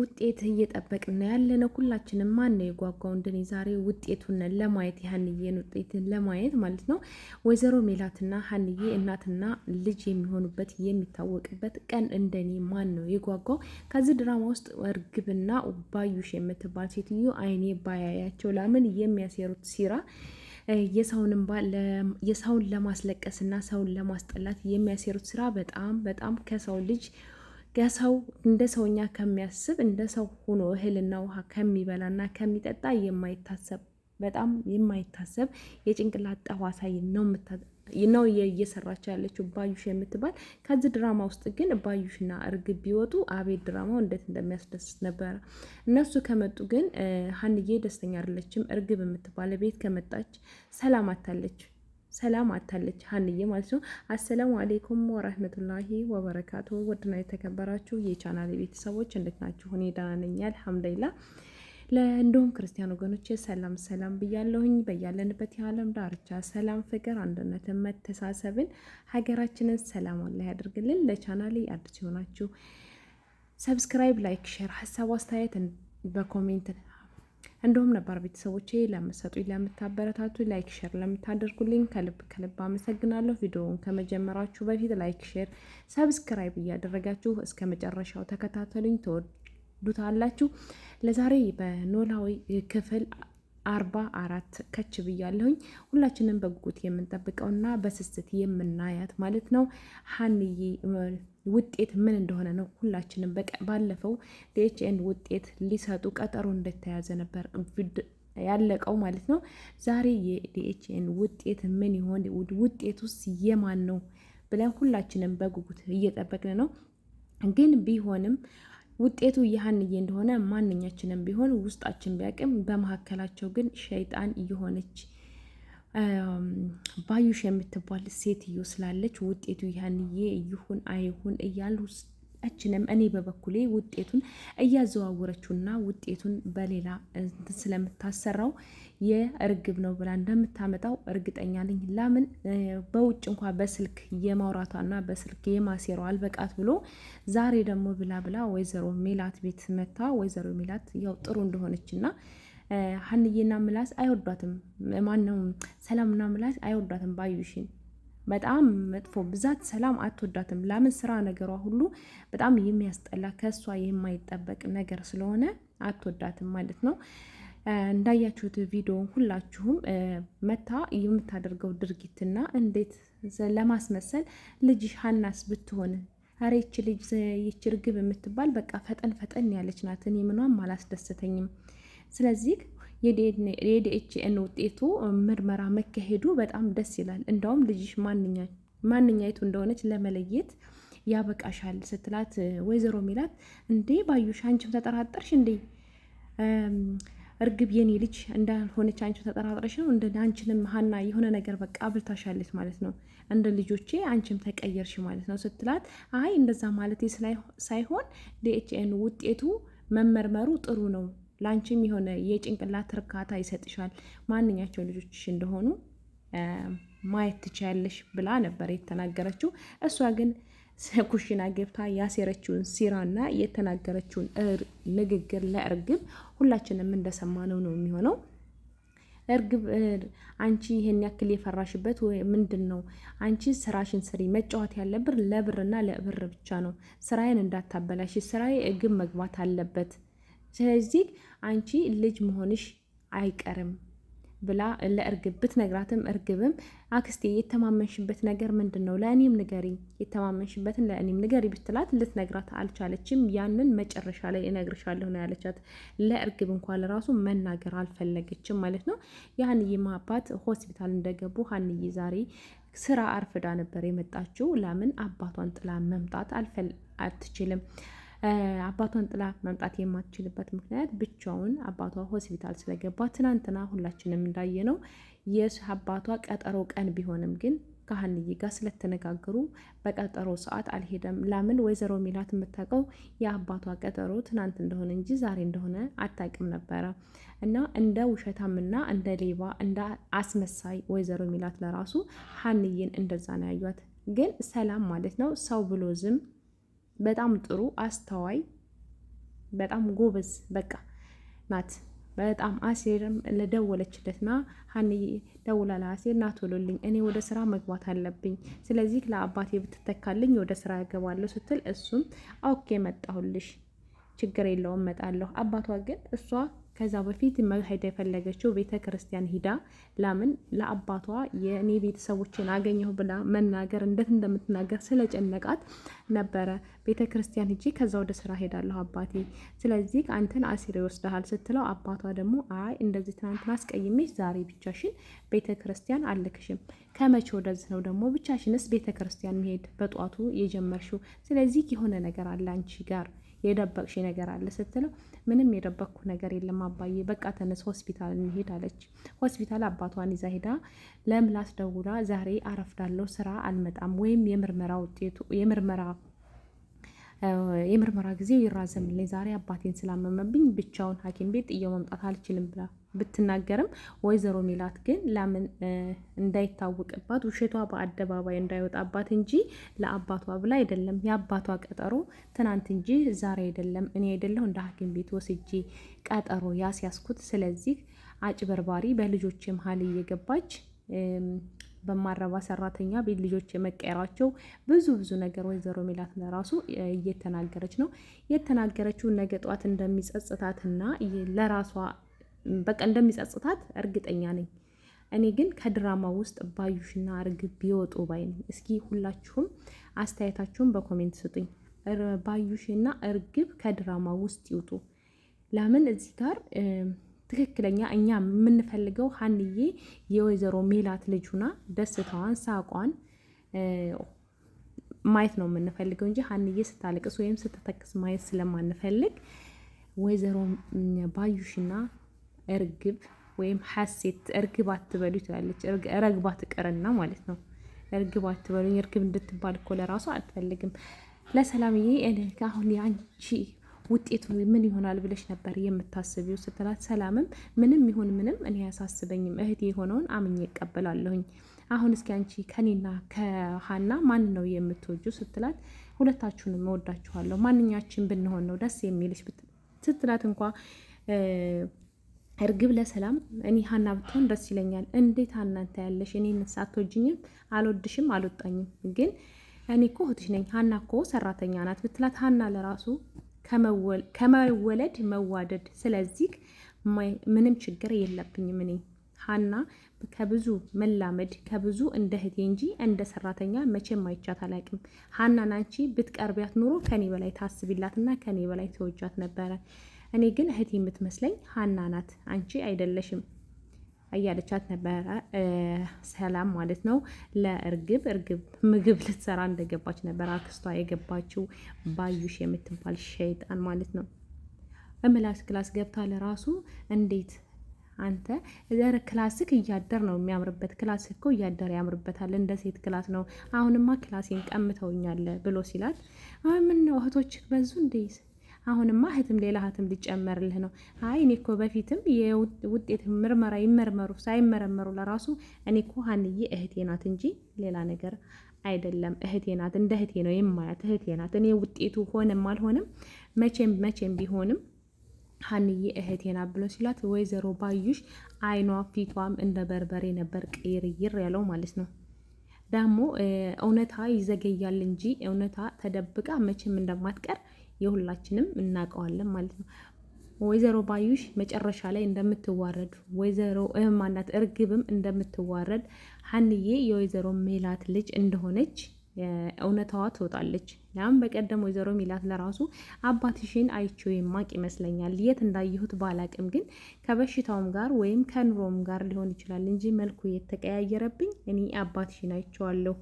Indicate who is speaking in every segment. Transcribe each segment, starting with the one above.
Speaker 1: ውጤት እየጠበቅን ያለነው ሁላችንም። ማን ነው የጓጓው? እንደኔ ዛሬ ውጤቱን ለማየት የሀንዬን ውጤትን ለማየት ማለት ነው። ወይዘሮ ሜላትና ሀንዬ እናትና ልጅ የሚሆኑበት የሚታወቅበት ቀን እንደኔ ማን ነው የጓጓው? ከዚህ ድራማ ውስጥ እርግብና ባዩሽ የምትባል ሴትዮ አይኔ ባያያቸው ላምን የሚያሴሩት ሲራ የሰውን የሰውን ለማስለቀስና ሰውን ለማስጠላት የሚያሴሩት ስራ በጣም በጣም ከሰው ልጅ ሰው እንደ ሰውኛ ከሚያስብ እንደ ሰው ሆኖ እህልና ውሃ ከሚበላና ከሚጠጣ የማይታሰብ በጣም የማይታሰብ የጭንቅላት ጠባሳ ነው ነው እየሰራቸው ያለችው ባዩሽ የምትባል። ከዚህ ድራማ ውስጥ ግን ባዩሽና እርግብ ቢወጡ አቤት ድራማው እንዴት እንደሚያስደስት ነበረ። እነሱ ከመጡ ግን ሀንዬ ደስተኛ አይደለችም። እርግብ የምትባለ ቤት ከመጣች ሰላም አታለች። ሰላም አታለች ሀንዬ ማለት ነው። አሰላሙ አሌይኩም ወረህመቱላሂ ወበረካቱ። ውድና የተከበራችሁ የቻናል ቤተሰቦች እንዴት ናችሁ? እኔ ደህና ነኝ አልሐምዱሊላህ። ክርስቲያን ወገኖች ሰላም ሰላም ብያለሁኝ። በያለንበት የዓለም ዳርቻ ሰላም፣ ፍቅር፣ አንድነትን፣ መተሳሰብን ሀገራችንን ሰላም ላይ ያድርግልን። ለቻናሌ አዲስ የሆናችሁ ሰብስክራይብ፣ ላይክ፣ ሼር ሀሳብ አስተያየት በኮሜንት እንዲሁም ነባር ቤተሰቦቼ ለምሰጡኝ ለምታበረታቱ፣ ላይክ ሼር ለምታደርጉልኝ ከልብ ከልብ አመሰግናለሁ። ቪዲዮውን ከመጀመራችሁ በፊት ላይክ ሼር፣ ሰብስክራይብ እያደረጋችሁ እስከ መጨረሻው ተከታተሉኝ። ተወዱታላችሁ። ለዛሬ በኖላዊ ክፍል አርባ አራት ከች ብያለሁኝ። ሁላችንም በጉጉት የምንጠብቀውና በስስት የምናያት ማለት ነው ሀንዬ ውጤት ምን እንደሆነ ነው። ሁላችንም ባለፈው ዲኤችኤን ውጤት ሊሰጡ ቀጠሮ እንደተያዘ ነበር ያለቀው ማለት ነው። ዛሬ የዲኤችኤን ውጤት ምን ይሆን? ውጤት ውስጥ የማን ነው ብለን ሁላችንም በጉጉት እየጠበቅን ነው ግን ቢሆንም ውጤቱ ይህንዬ እንደሆነ ማንኛችንም ቢሆን ውስጣችን ቢያቅም፣ በመካከላቸው ግን ሸይጣን እየሆነች ባዩሽ የምትባል ሴትዮ ስላለች ውጤቱ ይህንዬ ይሁን አይሁን እያሉ እችንም እኔ በበኩሌ ውጤቱን እያዘዋወረችውና ውጤቱን በሌላ ስለምታሰራው የእርግብ ነው ብላ እንደምታመጣው እርግጠኛ ነኝ። ለምን በውጭ እንኳ በስልክ የማውራቷና በስልክ የማሴሯ አልበቃት ብሎ ዛሬ ደግሞ ብላ ብላ ወይዘሮ ሜላት ቤት መታ። ወይዘሮ ሜላት ያው ጥሩ እንደሆነችና ሀንዬና ምላስ አይወዷትም። ማነው ሰላምና ምላስ አይወዷትም ባዩሽን በጣም መጥፎ ብዛት ሰላም አትወዳትም። ለምን ስራ ነገሯ ሁሉ በጣም የሚያስጠላ ከእሷ የማይጠበቅ ነገር ስለሆነ አትወዳትም ማለት ነው። እንዳያችሁት ቪዲዮ ሁላችሁም መታ የምታደርገው ድርጊትና እንዴት ለማስመሰል ልጅ ሀናስ ብትሆን ኧረ ይቺ ልጅ ይቺ ርግብ የምትባል በቃ ፈጠን ፈጠን ያለች ናት። እኔ ምኗም አላስደሰተኝም። ስለዚህ የዲኤችኤን ውጤቱ ምርመራ መካሄዱ በጣም ደስ ይላል። እንደውም ልጅሽ ማንኛይቱ እንደሆነች ለመለየት ያበቃሻል ስትላት ወይዘሮ ሚላት እንዴ ባዩሽ አንቺም ተጠራጠርሽ እንዴ እርግብ የኔ ልጅ እንዳልሆነች አንቺ ተጠራጥረሽ ነው እንደ አንቺንም ሀና የሆነ ነገር በቃ አብልታሻለች ማለት ነው እንደ ልጆቼ አንቺም ተቀየርሽ ማለት ነው ስትላት አይ እንደዛ ማለት ሳይሆን ዲኤችኤን ውጤቱ መመርመሩ ጥሩ ነው ላንቺም የሆነ የጭንቅላት እርካታ ይሰጥሻል። ማንኛቸው ልጆችሽ እንደሆኑ ማየት ትችያለሽ ብላ ነበር የተናገረችው። እሷ ግን ኩሽና ገብታ ያሴረችውን ሴራና የተናገረችውን ንግግር ለእርግብ ሁላችንም እንደሰማነው ነው የሚሆነው። እርግብ አንቺ ይሄን ያክል የፈራሽበት ምንድን ነው? አንቺ ስራሽን ስሪ። መጫወት ያለብር ለብርና ለብር ብቻ ነው። ስራዬን እንዳታበላሽ። ስራዬ እግብ መግባት አለበት ስለዚህ አንቺ ልጅ መሆንሽ አይቀርም ብላ ለእርግብ ብትነግራትም እርግብም አክስቴ የተማመንሽበት ነገር ምንድን ነው? ለእኔም ንገሪ፣ የተማመንሽበትን ለእኔም ንገሪ ብትላት ልትነግራት አልቻለችም። ያንን መጨረሻ ላይ እነግርሻለሁ ነው ያለቻት። ለእርግብ እንኳን ለራሱ መናገር አልፈለገችም ማለት ነው። የሀንዬም አባት ሆስፒታል እንደገቡ ሀንዬ ዛሬ ስራ አርፍዳ ነበር የመጣችው። ለምን አባቷን ጥላ መምጣት አትችልም። አባቷን ጥላ መምጣት የማትችልበት ምክንያት ብቻውን አባቷ ሆስፒታል ስለገባ ትናንትና ሁላችንም እንዳየነው የሱ አባቷ ቀጠሮ ቀን ቢሆንም ግን ከሀንዬ ጋር ስለተነጋገሩ በቀጠሮ ሰዓት አልሄደም። ለምን ወይዘሮ ሚላት የምታውቀው የአባቷ ቀጠሮ ትናንት እንደሆነ እንጂ ዛሬ እንደሆነ አታውቅም ነበረ። እና እንደ ውሸታምና እንደ ሌባ እንደ አስመሳይ ወይዘሮ ሚላት ለራሱ ሀንዬን እንደዛ ነው ያዩት። ግን ሰላም ማለት ነው ሰው ብሎ ዝም በጣም ጥሩ አስተዋይ፣ በጣም ጎበዝ በቃ ናት። በጣም አሴርም ለደወለችለትና ሀኒ ደውላ ለአሴር ና ቶሎልኝ እኔ ወደ ስራ መግባት አለብኝ፣ ስለዚህ ለአባቴ ብትተካልኝ ወደ ስራ ያገባለሁ ስትል እሱም ኦኬ መጣሁልሽ ችግር የለውም እመጣለሁ። አባቷ ግን እሷ ከዛ በፊት መሄድ የፈለገችው ቤተ ክርስቲያን ሂዳ ላምን ለአባቷ የእኔ ቤተሰቦችን አገኘሁ ብላ መናገር እንዴት እንደምትናገር ስለጨነቃት ነበረ። ቤተ ክርስቲያን ሂጂ፣ ከዛ ወደ ስራ ሄዳለሁ አባቴ፣ ስለዚህ አንተን አሲር ይወስድሃል ስትለው አባቷ ደግሞ አይ እንደዚህ ትናንትን አስቀይሜሽ ዛሬ ብቻሽን ቤተ ክርስቲያን አልክሽም። ከመቼ ወደዚህ ነው ደግሞ ብቻሽንስ ቤተ ክርስቲያን መሄድ በጧቱ የጀመርሽው? ስለዚህ የሆነ ነገር አለ አንቺ ጋር የደበቅሽ ነገር አለ ስትለው ምንም የደበቅኩ ነገር የለም አባዬ፣ በቃ ተነስ ሆስፒታል እንሄድ አለች። ሆስፒታል አባቷን ይዛ ሄዳ ለምላስ ደውላ ዛሬ አረፍዳለሁ ስራ አልመጣም ወይም የምርመራ ውጤቱ የምርመራ የምርመራ ጊዜ ይራዘምልኝ፣ ዛሬ አባቴን ስላመመብኝ ብቻውን ሐኪም ቤት ጥየው መምጣት አልችልም ብላ ብትናገርም ወይዘሮ ሚላት ግን ለምን እንዳይታወቅባት ውሸቷ በአደባባይ እንዳይወጣባት እንጂ ለአባቷ ብላ አይደለም። የአባቷ ቀጠሮ ትናንት እንጂ ዛሬ አይደለም። እኔ አይደለሁ እንደ ሐኪም ቤት ወስጄ ቀጠሮ ያስያዝኩት። ስለዚህ አጭበርባሪ በልጆች መሀል እየገባች በማረባ ሰራተኛ ቤት ልጆች የመቀየራቸው ብዙ ብዙ ነገር ወይዘሮ ሜላት ለራሱ እየተናገረች ነው የተናገረችው። ነገ ጠዋት እንደሚጸጽታትና ለራሷ በቃ እንደሚጸጽታት እርግጠኛ ነኝ። እኔ ግን ከድራማ ውስጥ ባዩሽና እርግብ ቢወጡ ባይ ነኝ። እስኪ ሁላችሁም አስተያየታችሁን በኮሜንት ስጡኝ። ባዩሽና እርግብ ከድራማ ውስጥ ይውጡ። ለምን እዚህ ጋር ትክክለኛ እኛ የምንፈልገው ሀንዬ የወይዘሮ ሜላት ልጁና ደስታዋን ሳቋን ማየት ነው የምንፈልገው እንጂ ሀንዬ ስታለቅስ ወይም ስትተክስ ማየት ስለማንፈልግ ወይዘሮ ባዩሽና እርግብ ወይም ሀሴት እርግብ አትበሉ ትላለች። ረግባ ትቀርና ማለት ነው። እርግብ አትበሉኝ። እርግብ እንድትባል እኮ ለራሱ አትፈልግም። ለሰላምዬ አሁን ያንቺ ውጤቱ ምን ይሆናል ብለሽ ነበር የምታስቢው ስትላት፣ ሰላምም ምንም ይሁን ምንም እኔ አያሳስበኝም እህቴ የሆነውን አምኜ እቀበላለሁኝ። አሁን እስኪ አንቺ ከኔና ከሀና ማን ነው የምትወጁ ስትላት፣ ሁለታችሁንም እወዳችኋለሁ ማንኛችን ብንሆን ነው ደስ የሚልሽ ስትላት እንኳ እርግብ ለሰላም እኔ ሀና ብትሆን ደስ ይለኛል። እንዴት እናንተ ያለሽ እኔን ሳትወጂኝም አልወድሽም አልወጣኝም፣ ግን እኔ እኮ እህትሽ ነኝ ሀና እኮ ሰራተኛ ናት ብትላት ሀና ለራሱ ከመወለድ መዋደድ። ስለዚህ ምንም ችግር የለብኝም እኔ ሀና ከብዙ መላመድ ከብዙ እንደ እህቴ እንጂ እንደ ሰራተኛ መቼም አይቻት አላቅም። ሀና ናንቺ ብትቀርቢያት ኑሮ ከኔ በላይ ታስቢላትና ከኔ በላይ ተወጃት ነበረ። እኔ ግን እህቴ የምትመስለኝ ሀና ናት፣ አንቺ አይደለሽም። እያለቻት ነበረ ሰላም ማለት ነው ለእርግብ። እርግብ ምግብ ልትሰራ እንደገባች ነበር አክስቷ የገባችው ባዩሽ የምትባል ሸይጣን ማለት ነው። እምላስ ክላስ ገብታ ለራሱ እንዴት አንተ ዘር ክላስክ እያደር ነው የሚያምርበት። ክላስ እኮ እያደር ያምርበታል፣ እንደ ሴት ክላስ ነው። አሁንማ ክላሴን ቀምተውኛል ብሎ ሲላት፣ ምን ነው እህቶች በዙ እንዴት አሁንማ እህትም ሌላ እህትም ሊጨመርልህ ነው። አይ እኔ እኮ በፊትም የውጤት ምርመራ ይመርመሩ ሳይመረመሩ ለራሱ እኔ እኮ ሀንዬ እህቴ ናት እንጂ ሌላ ነገር አይደለም። እህቴ ናት፣ እንደ እህቴ ነው የማያት እህቴ ናት። እኔ ውጤቱ ሆነም አልሆነም መቼም መቼም ቢሆንም ሀንዬ እህቴ ናት ብሎ ሲላት ወይዘሮ ባዩሽ አይኗ ፊቷም እንደ በርበሬ ነበር ቅይርይር ያለው ማለት ነው። ደግሞ እውነታ ይዘገያል እንጂ እውነታ ተደብቃ መቼም እንደማትቀር የሁላችንም እናውቀዋለን ማለት ነው። ወይዘሮ ባዩሽ መጨረሻ ላይ እንደምትዋረድ ወይዘሮ እህማናት እርግብም እንደምትዋረድ ሀንዬ የወይዘሮ ሜላት ልጅ እንደሆነች እውነታዋ ትወጣለች። ያም በቀደም ወይዘሮ ሚላት ለራሱ አባትሽን አይቼው የማቅ ይመስለኛል የት እንዳየሁት ባላቅም፣ ግን ከበሽታውም ጋር ወይም ከኑሮም ጋር ሊሆን ይችላል እንጂ መልኩ የተቀያየረብኝ እኔ አባትሽን አይቼዋለሁ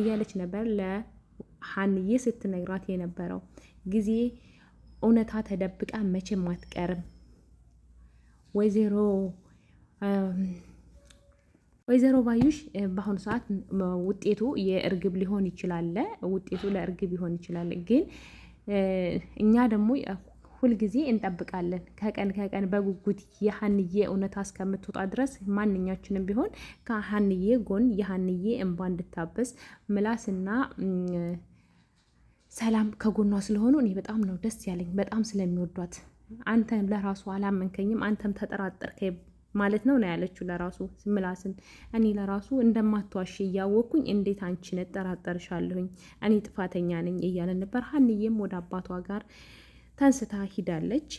Speaker 1: እያለች ነበር ለሀንዬ ስትነግራት የነበረው። ጊዜ እውነታ ተደብቃ መቼም አትቀርም። ወይዘሮ ወይዘሮ ባዩሽ በአሁኑ ሰዓት ውጤቱ የእርግብ ሊሆን ይችላል፣ ውጤቱ ለእርግብ ሊሆን ይችላል። ግን እኛ ደግሞ ሁልጊዜ እንጠብቃለን ከቀን ከቀን በጉጉት የሀንዬ እውነታ እስከምትወጣ ድረስ ማንኛችንም ቢሆን ከሀንዬ ጎን የሀንዬ እንባ እንድታበስ ምላስና ሰላም ከጎኗ ስለሆኑ እኔ በጣም ነው ደስ ያለኝ፣ በጣም ስለሚወዷት። አንተም ለራሱ አላመንከኝም፣ አንተም ተጠራጠርከኝ ማለት ነው ነው ያለችው ለራሱ ምላስን። እኔ ለራሱ እንደማትዋሽ እያወቅኩኝ እንዴት አንቺን እጠራጠርሻለሁኝ እኔ ጥፋተኛ ነኝ እያለ ነበር። ሀንዬም ወደ አባቷ ጋር ተንስታ ሂዳለች።